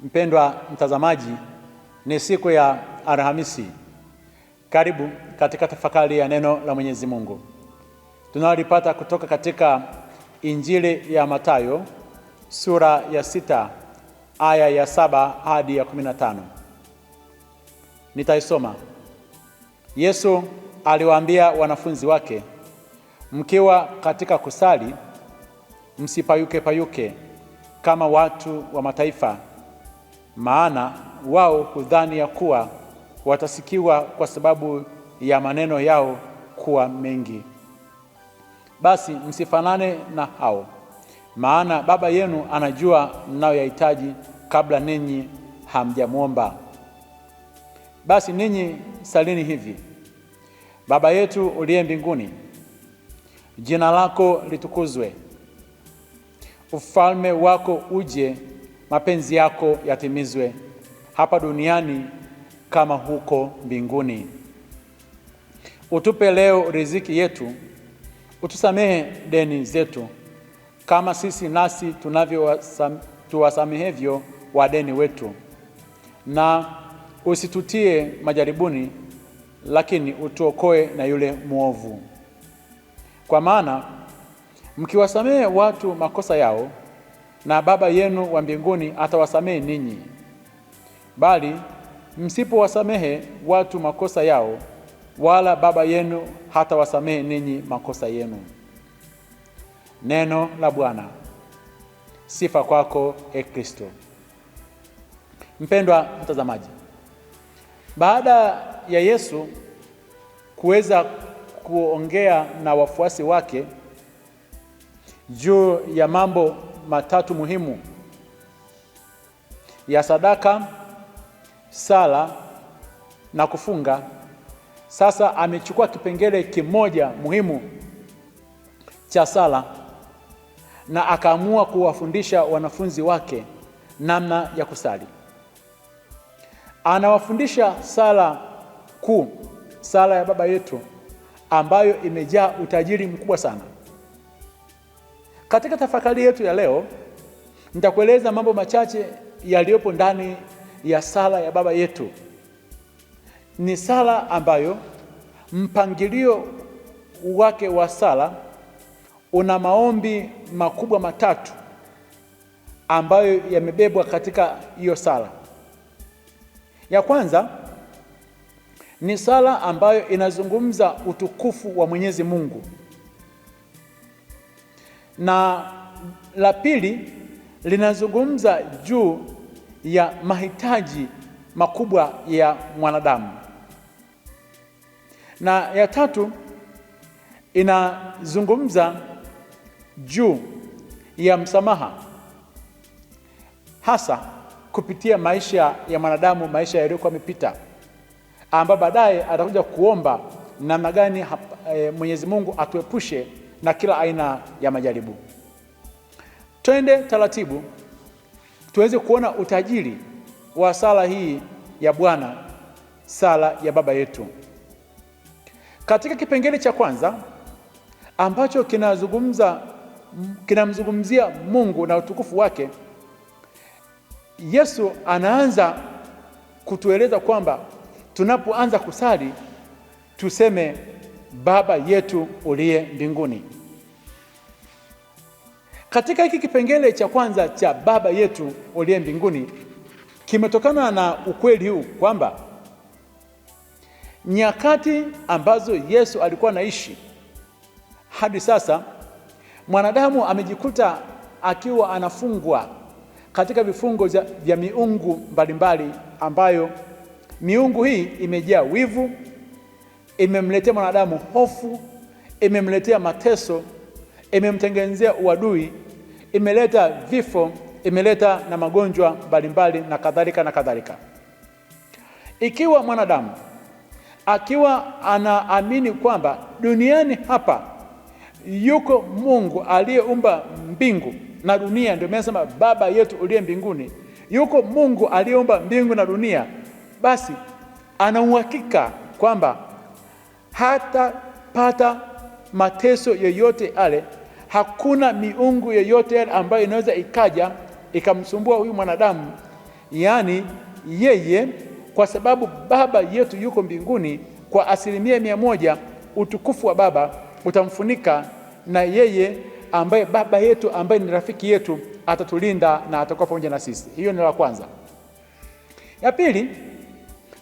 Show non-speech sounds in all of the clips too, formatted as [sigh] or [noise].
Mpendwa mtazamaji, ni siku ya Alhamisi. Karibu katika tafakari ya neno la Mwenyezi Mungu tunalipata kutoka katika Injili ya Mathayo sura ya sita aya ya saba hadi ya kumi na tano. Nitaisoma. Yesu aliwaambia wanafunzi wake, mkiwa katika kusali msipayuke payuke kama watu wa mataifa maana wao hudhani ya kuwa watasikiwa kwa sababu ya maneno yao kuwa mengi. Basi msifanane na hao, maana Baba yenu anajua mnayoyahitaji kabla ninyi hamjamwomba. Basi ninyi salini hivi: Baba yetu uliye mbinguni, jina lako litukuzwe, ufalme wako uje mapenzi yako yatimizwe hapa duniani kama huko mbinguni. Utupe leo riziki yetu, utusamehe deni zetu kama sisi nasi tunavyotuwasamehevyo wadeni wetu, na usitutie majaribuni, lakini utuokoe na yule mwovu. Kwa maana mkiwasamehe watu makosa yao na Baba yenu wa mbinguni atawasamehe ninyi, bali msipowasamehe watu makosa yao, wala Baba yenu hatawasamehe ninyi makosa yenu. Neno la Bwana. Sifa kwako e Kristo. Mpendwa mtazamaji, baada ya Yesu kuweza kuongea na wafuasi wake juu ya mambo matatu muhimu ya sadaka, sala na kufunga. Sasa amechukua kipengele kimoja muhimu cha sala na akaamua kuwafundisha wanafunzi wake namna ya kusali. Anawafundisha sala kuu, sala ya Baba Yetu ambayo imejaa utajiri mkubwa sana. Katika tafakari yetu ya leo nitakueleza mambo machache yaliyopo ndani ya sala ya Baba Yetu. Ni sala ambayo mpangilio wake wa sala una maombi makubwa matatu ambayo yamebebwa katika hiyo sala. Ya kwanza ni sala ambayo inazungumza utukufu wa Mwenyezi Mungu na la pili linazungumza juu ya mahitaji makubwa ya mwanadamu, na ya tatu inazungumza juu ya msamaha, hasa kupitia maisha ya mwanadamu, maisha yaliyokuwa yamepita, ambayo baadaye atakuja kuomba namna gani e, Mwenyezi Mungu atuepushe na kila aina ya majaribu. Twende taratibu tuweze kuona utajiri wa sala hii ya Bwana, sala ya Baba yetu, katika kipengele cha kwanza ambacho kinazungumza kinamzungumzia Mungu na utukufu wake. Yesu anaanza kutueleza kwamba tunapoanza kusali tuseme Baba yetu uliye mbinguni. Katika hiki kipengele cha kwanza cha Baba yetu uliye mbinguni kimetokana na ukweli huu kwamba nyakati ambazo Yesu alikuwa anaishi hadi sasa, mwanadamu amejikuta akiwa anafungwa katika vifungo vya miungu mbalimbali, ambayo miungu hii imejaa wivu imemletea mwanadamu hofu, imemletea mateso, imemtengenezea uadui, imeleta vifo, imeleta na magonjwa mbalimbali na kadhalika na kadhalika. Ikiwa mwanadamu akiwa anaamini kwamba duniani hapa yuko Mungu aliyeumba mbingu na dunia, ndio mesema Baba yetu uliye mbinguni, yuko Mungu aliyeumba mbingu na dunia, basi anauhakika kwamba hatapata mateso yoyote ale. Hakuna miungu yoyote ale ambayo inaweza ikaja ikamsumbua huyu mwanadamu, yaani yeye, kwa sababu baba yetu yuko mbinguni, kwa asilimia mia moja utukufu wa baba utamfunika na yeye ambaye baba yetu ambaye ni rafiki yetu atatulinda na atakuwa pamoja na sisi. Hiyo ni la kwanza. Ya pili,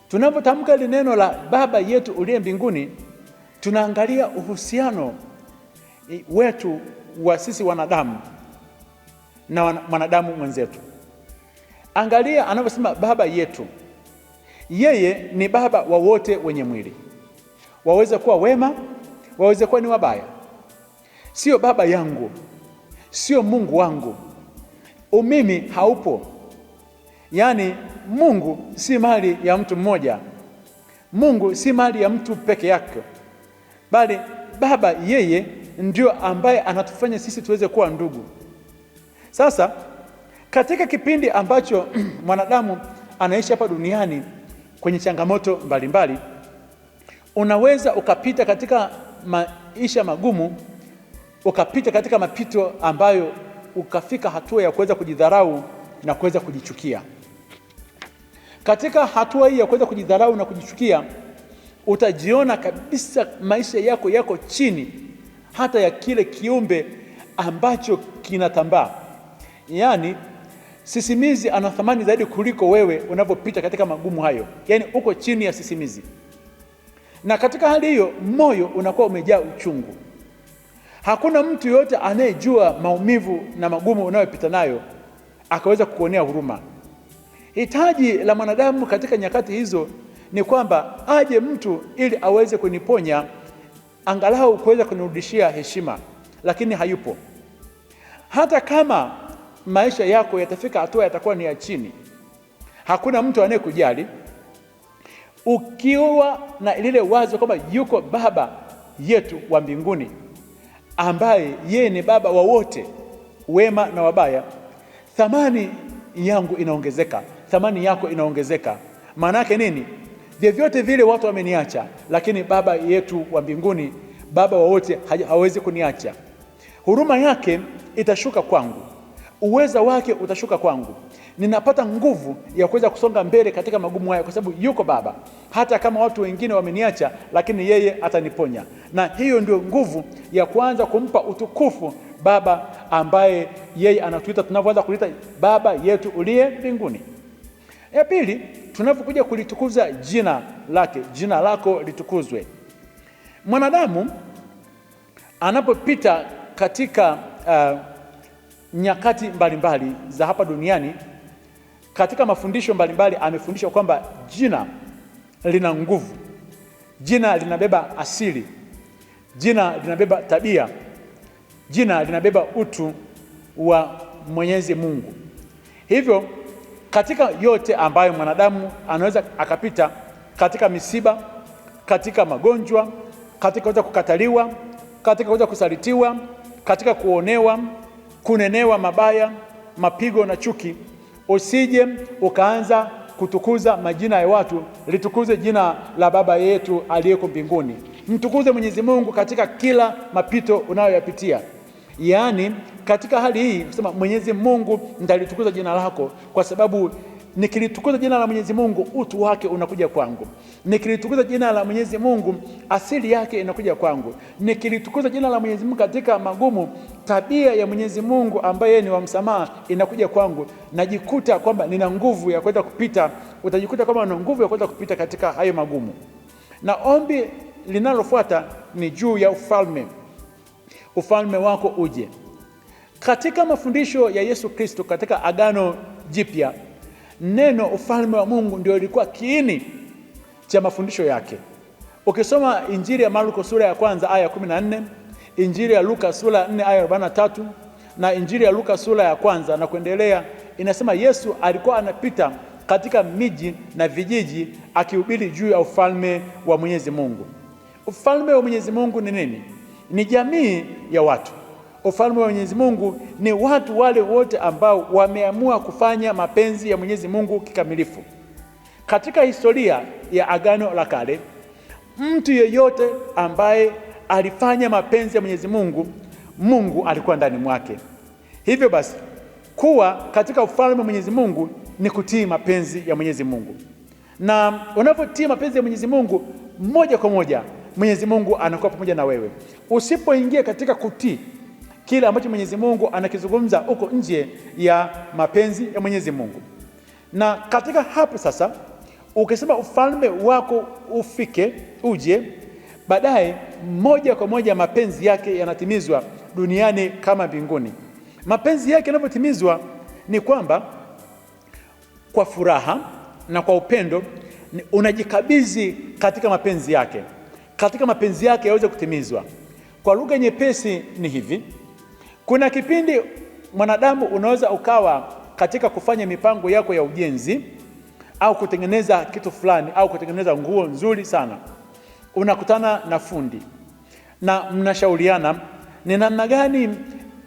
tunapotamka ile neno la baba yetu uliye mbinguni, tunaangalia uhusiano eh, wetu wa sisi wanadamu na mwanadamu mwenzetu. Angalia anavyosema baba yetu, yeye ni baba wa wote wenye mwili, waweze kuwa wema, waweze kuwa ni wabaya. Sio baba yangu, sio Mungu wangu, umimi haupo. Yaani Mungu si mali ya mtu mmoja, Mungu si mali ya mtu peke yake bali Baba yeye ndio ambaye anatufanya sisi tuweze kuwa ndugu. Sasa katika kipindi ambacho [clears throat] mwanadamu anaishi hapa duniani kwenye changamoto mbalimbali mbali, unaweza ukapita katika maisha magumu, ukapita katika mapito ambayo ukafika hatua ya kuweza kujidharau na kuweza kujichukia. Katika hatua hii ya kuweza kujidharau na kujichukia utajiona kabisa maisha yako yako chini hata ya kile kiumbe ambacho kinatambaa. Yaani sisimizi ana thamani zaidi kuliko wewe unavyopita katika magumu hayo, yaani uko chini ya sisimizi. Na katika hali hiyo moyo unakuwa umejaa uchungu. Hakuna mtu yoyote anayejua maumivu na magumu unayopita nayo akaweza kukuonea huruma. Hitaji la mwanadamu katika nyakati hizo ni kwamba aje mtu ili aweze kuniponya, angalau kuweza kunirudishia heshima, lakini hayupo. Hata kama maisha yako yatafika hatua yatakuwa ni ya chini, hakuna mtu anayekujali ukiwa na lile wazo kwamba yuko Baba yetu wa mbinguni ambaye yeye ni baba wa wote wema na wabaya, thamani yangu inaongezeka, thamani yako inaongezeka. Maana yake nini? Vyovyote vile watu wameniacha, lakini Baba yetu wa mbinguni, Baba wa wote, hawezi kuniacha. Huruma yake itashuka kwangu, uweza wake utashuka kwangu. Ninapata nguvu ya kuweza kusonga mbele katika magumu haya, kwa sababu yuko Baba. Hata kama watu wengine wameniacha, lakini yeye ataniponya, na hiyo ndio nguvu ya kuanza kumpa utukufu Baba ambaye yeye anatuita, tunavyoanza kuita Baba yetu uliye mbinguni. Ya pili, tunapokuja kulitukuza jina lake, jina lako litukuzwe. Mwanadamu anapopita katika uh, nyakati mbalimbali mbali za hapa duniani, katika mafundisho mbalimbali amefundishwa kwamba jina lina nguvu, jina linabeba asili, jina linabeba tabia, jina linabeba utu wa Mwenyezi Mungu. Hivyo katika yote ambayo mwanadamu anaweza akapita, katika misiba, katika magonjwa, katika kuweza kukataliwa, katika kuweza kusalitiwa, katika kuonewa, kunenewa mabaya, mapigo na chuki, usije ukaanza kutukuza majina ya watu, litukuze jina la Baba yetu aliyeko mbinguni. Mtukuze Mwenyezi Mungu katika kila mapito unayoyapitia, yaani katika hali hii sema, Mwenyezi Mungu nitalitukuza jina lako, kwa sababu nikilitukuza jina la Mwenyezi Mungu utu wake unakuja kwangu. Nikilitukuza jina la Mwenyezi Mungu asili yake inakuja kwangu. Nikilitukuza jina la Mwenyezi Mungu katika magumu, tabia ya Mwenyezi Mungu ambaye ni wa msamaha inakuja kwangu. Najikuta kwamba nina nguvu ya kuweza kupita, utajikuta kwamba una nguvu ya kuweza kupita katika hayo magumu. Na ombi linalofuata ni juu ya ufalme, ufalme wako uje katika mafundisho ya Yesu Kristo katika Agano Jipya, neno ufalme wa Mungu ndio ilikuwa kiini cha mafundisho yake. Ukisoma Injili ya Marko sura ya kwanza aya ya 14, Injili ya Luka sura ya 4 aya ya tatu na Injili ya Luka sura ya kwanza na kuendelea, inasema Yesu alikuwa anapita katika miji na vijiji akihubiri juu ya ufalme wa Mwenyezi Mungu. Ufalme wa Mwenyezi Mungu ni nini? Ni jamii ya watu ufalme wa Mwenyezi Mungu ni watu wale wote ambao wameamua kufanya mapenzi ya Mwenyezi Mungu kikamilifu. Katika historia ya Agano la Kale, mtu yeyote ambaye alifanya mapenzi ya Mwenyezi Mungu, Mungu alikuwa ndani mwake. Hivyo basi, kuwa katika ufalme wa Mwenyezi Mungu ni kutii mapenzi ya Mwenyezi Mungu, na unapotii mapenzi ya Mwenyezi Mungu moja kwa moja Mwenyezi Mungu anakuwa pamoja na wewe. Usipoingia katika kutii kile ambacho Mwenyezi Mungu anakizungumza huko nje ya mapenzi ya Mwenyezi Mungu. Na katika hapo sasa, ukisema ufalme wako ufike uje, baadaye moja kwa moja mapenzi yake yanatimizwa duniani kama mbinguni. Mapenzi yake yanavyotimizwa ni kwamba kwa furaha na kwa upendo unajikabidhi katika mapenzi yake, katika mapenzi yake yaweze kutimizwa. Kwa lugha nyepesi ni hivi kuna kipindi mwanadamu unaweza ukawa katika kufanya mipango yako ya ujenzi au kutengeneza kitu fulani au kutengeneza nguo nzuri sana, unakutana na fundi na mnashauriana ni namna gani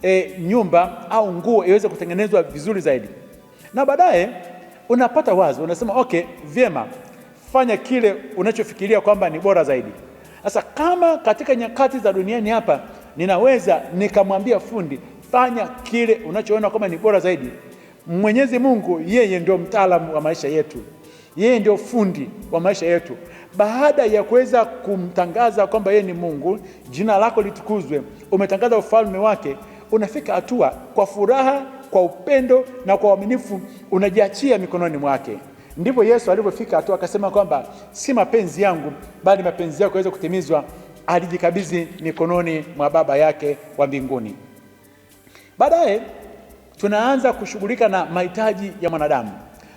e, nyumba au nguo iweze kutengenezwa vizuri zaidi, na baadaye unapata wazo, unasema okay, vyema, fanya kile unachofikiria kwamba ni bora zaidi. Sasa kama katika nyakati za duniani hapa ninaweza nikamwambia fundi, fanya kile unachoona kama ni bora zaidi. Mwenyezi Mungu yeye ndio mtaalamu wa maisha yetu, yeye ndio fundi wa maisha yetu. Baada ya kuweza kumtangaza kwamba yeye ni Mungu, jina lako litukuzwe, umetangaza ufalme wake, unafika hatua kwa furaha, kwa upendo na kwa uaminifu, unajiachia mikononi mwake. Ndivyo Yesu alivyofika hatua akasema kwamba si mapenzi yangu, bali mapenzi yako yaweze kutimizwa alijikabidhi mikononi mwa Baba yake wa mbinguni. Baadaye tunaanza kushughulika na mahitaji ya mwanadamu,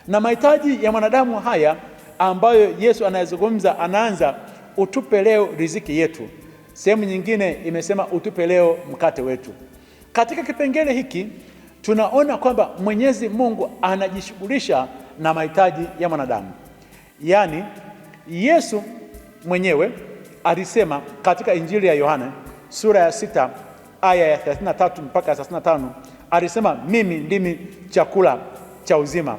na mahitaji ya mwanadamu haya ambayo Yesu anayezungumza anaanza utupe leo riziki yetu. Sehemu nyingine imesema utupe leo mkate wetu. Katika kipengele hiki tunaona kwamba Mwenyezi Mungu anajishughulisha na mahitaji ya mwanadamu, yaani Yesu mwenyewe alisema katika Injili ya yohane sura ya sita aya ya 33 mpaka 35, alisema mimi ndimi chakula cha uzima,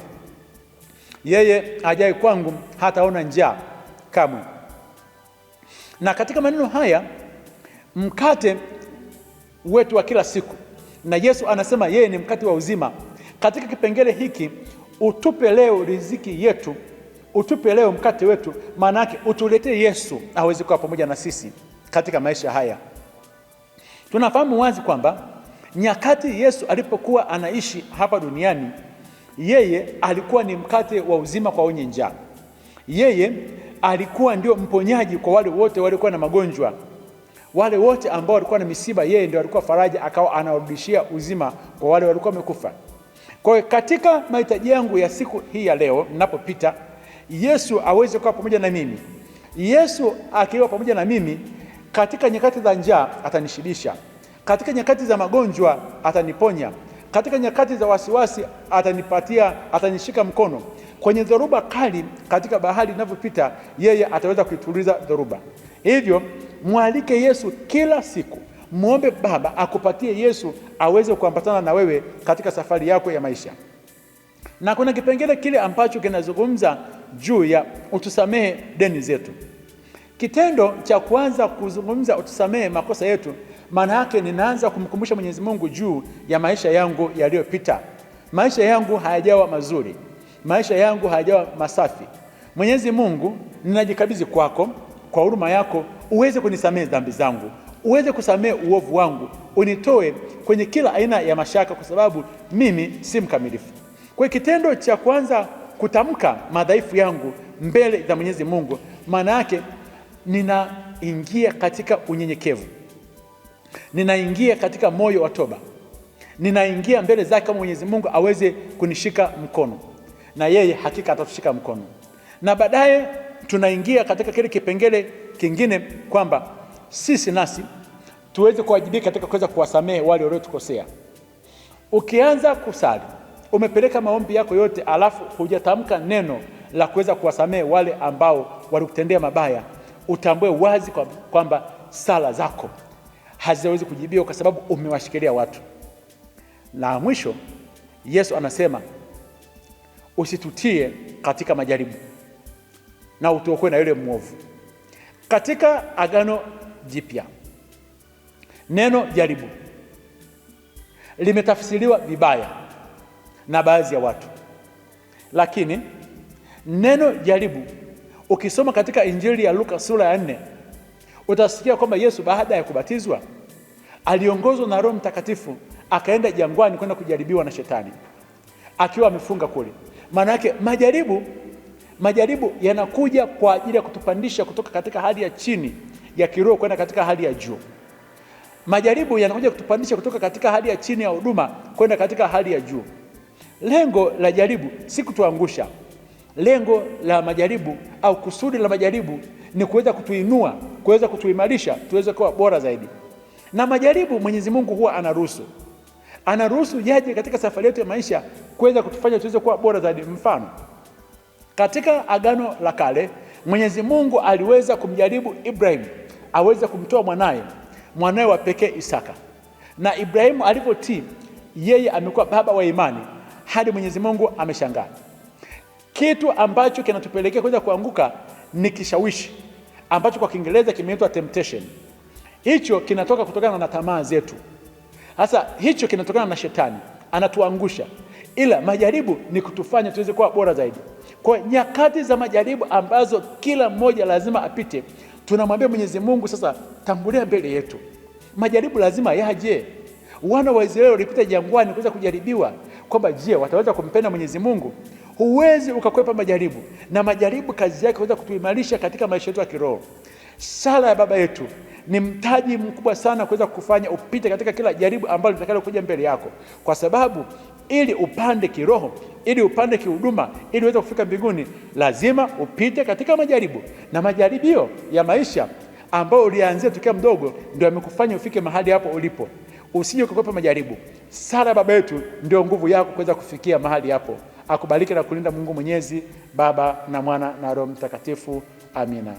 yeye ajaye kwangu hataona njaa kamwe. Na katika maneno haya mkate wetu wa kila siku, na Yesu anasema yeye ni mkate wa uzima. Katika kipengele hiki, utupe leo riziki yetu utupe leo mkate wetu, maana yake utuletee Yesu aweze kuwa pamoja na sisi katika maisha haya. Tunafahamu wazi kwamba nyakati Yesu alipokuwa anaishi hapa duniani, yeye alikuwa ni mkate wa uzima kwa wenye njaa. Yeye alikuwa ndio mponyaji kwa wale wote waliokuwa na magonjwa, wale wote ambao walikuwa na misiba, yeye ndio alikuwa faraja, akawa anawarudishia uzima kwa wale walikuwa wamekufa. Kwa hiyo katika mahitaji yangu ya siku hii ya leo ninapopita Yesu aweze kuwa pamoja na mimi. Yesu akiwa pamoja na mimi katika nyakati za njaa atanishibisha, katika nyakati za magonjwa ataniponya, katika nyakati za wasiwasi atanipatia, atanishika mkono kwenye dhoruba kali, katika bahari inavyopita, yeye ataweza kuituliza dhoruba. Hivyo mwalike Yesu kila siku, mwombe Baba akupatie Yesu aweze kuambatana na wewe katika safari yako ya maisha. Na kuna kipengele kile ambacho kinazungumza juu ya utusamehe deni zetu. Kitendo cha kuanza kuzungumza utusamehe makosa yetu, maana yake ninaanza kumkumbusha Mwenyezi Mungu juu ya maisha yangu yaliyopita. Maisha yangu hayajawa mazuri, maisha yangu hayajawa masafi. Mwenyezi Mungu, ninajikabidhi kwako kwa huruma yako, uweze kunisamehe dhambi zangu, uweze kusamehe uovu wangu, unitoe kwenye kila aina ya mashaka, kwa sababu mimi si mkamilifu. Kwa kitendo cha kwanza kutamka madhaifu yangu mbele za Mwenyezi Mungu, maana yake ninaingia katika unyenyekevu, ninaingia katika moyo wa toba, ninaingia mbele zake kama Mwenyezi Mungu aweze kunishika mkono, na yeye hakika atatushika mkono. Na baadaye tunaingia katika kile kipengele kingine kwamba sisi nasi tuweze kuwajibika katika kuweza kuwasamehe wale waliotukosea. Ukianza kusali umepeleka maombi yako yote, alafu hujatamka neno la kuweza kuwasamehe wale ambao walikutendea mabaya, utambue wazi kwamba sala zako haziwezi kujibiwa kwa sababu umewashikilia watu. na mwisho, Yesu anasema usitutie katika majaribu na utuokoe na yule mwovu. Katika Agano Jipya neno jaribu limetafsiriwa vibaya na baadhi ya watu, lakini neno jaribu ukisoma katika Injili ya Luka sura ya nne utasikia kwamba Yesu baada ya kubatizwa aliongozwa na Roho Mtakatifu akaenda jangwani kwenda kujaribiwa na Shetani akiwa amefunga kule. Maana yake majaribu, majaribu yanakuja kwa ajili ya kutupandisha kutoka katika hali ya chini ya kiroho kwenda katika hali ya juu. Majaribu yanakuja kutupandisha kutoka katika hali ya chini ya huduma kwenda katika hali ya juu. Lengo la jaribu si kutuangusha. Lengo la majaribu au kusudi la majaribu ni kuweza kutuinua, kuweza kutuimarisha, tuweze kuwa bora zaidi. Na majaribu Mwenyezi Mungu huwa anaruhusu, anaruhusu yaje katika safari yetu ya maisha kuweza kutufanya tuweze kuwa bora zaidi. Mfano, katika Agano la Kale Mwenyezi Mungu aliweza kumjaribu Ibrahim aweze kumtoa mwanaye mwanaye wa pekee Isaka, na Ibrahimu alivyotii, yeye amekuwa baba wa imani hadi Mwenyezi Mungu ameshangaa. Kitu ambacho kinatupelekea kuweza kuanguka ni kishawishi ambacho kwa Kiingereza kimeitwa temptation. Hicho kinatoka kutokana na tamaa zetu. Sasa hicho kinatokana na shetani, anatuangusha, ila majaribu ni kutufanya tuweze kuwa bora zaidi. Kwa nyakati za majaribu ambazo kila mmoja lazima apite, tunamwambia Mwenyezi Mungu, sasa tangulia mbele yetu. Majaribu lazima yaje. Wana wa Israeli walipita jangwani kuweza kujaribiwa, kwamba je, wataweza kumpenda Mwenyezi Mungu? Huwezi ukakwepa majaribu, na majaribu kazi yake huweza kutuimarisha katika maisha yetu ya kiroho. Sala ya Baba Yetu ni mtaji mkubwa sana kuweza kufanya upite katika kila jaribu ambalo litakalo kuja mbele yako, kwa sababu ili upande kiroho, ili upande kihuduma, ili uweze kufika mbinguni, lazima upite katika majaribu. Na majaribio ya maisha ambayo ulianzia tukiwa mdogo ndio yamekufanya ufike mahali hapo ulipo usije kukopa majaribu. Sala Baba yetu ndio nguvu yako kuweza kufikia mahali hapo. Akubariki na kulinda Mungu Mwenyezi, Baba na Mwana na Roho Mtakatifu. Amina.